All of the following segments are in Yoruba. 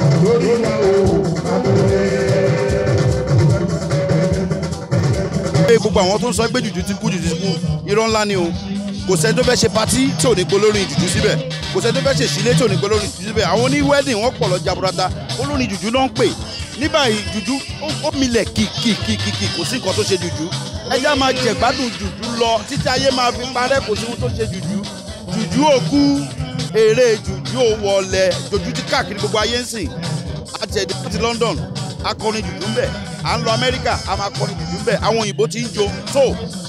sàn lórí náà o àbúrò. pé gbogbo àwọn tó ń sọ pé jùjú ti kú jùjú ti kú irọ́ ńlá ni o kò sẹ́ni tó fẹ́ ṣe patí tí ò ní pe olórin jùjú síbẹ̀ kò sẹ́ni tó fẹ́ ṣe sílé tí ò ní pe olórin jùjú síbẹ̀ àwọn oní wedding wọ́n pọ̀ lọ jaburata olórin jùjú náà ń pè ní báyìí jùjú ó milẹ̀ kìkìkìkì kò sí nǹkan tó ṣe jùjú ẹjẹ́ máa jẹ̀gbádùn jùjú lọ títí ayé máa fi parẹ́ kò sí ohun tó ṣe jùjú jùjú òkú eré jùjú ò wọlé jòjú ti káàkiri gbogbo ayé ń sìn àtẹ̀dẹ̀ láti London akọrin jùjú ń bẹ̀ à ń lọ Amẹ́ríkà a máa kọrin jùjú ń bẹ̀ àwọn òyìnbó ti ń jó tó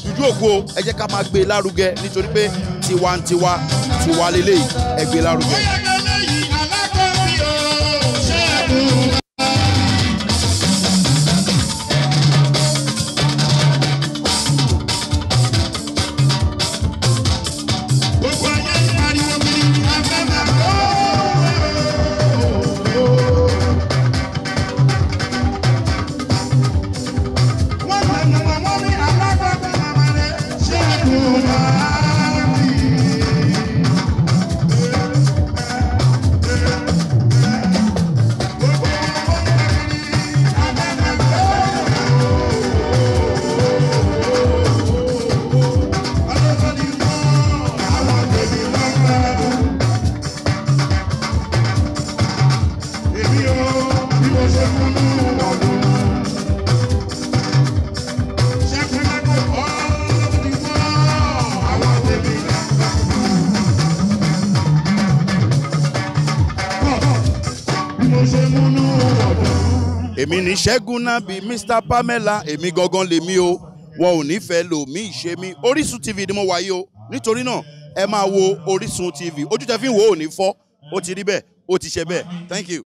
jùjú ògo ẹ jẹ́ ká máa gbé e lárugẹ nítorí pé tiwantiwa tiwa lélẹ́yìí ẹ gbé e lárugẹ. èmi ní ṣẹ́gun náà bíi Mr Pamela èmi gangan lèmi o wọn ò nífẹ̀ẹ́ lòmí ìṣe mi Orísun TV ni mo wáyé o nítorí náà ẹ máa wo Orísun TV ojú tẹ fi ń wò ó ní fọ́ ó ti rí bẹ́ẹ̀ ó ti ṣe bẹ́ẹ̀ thank you.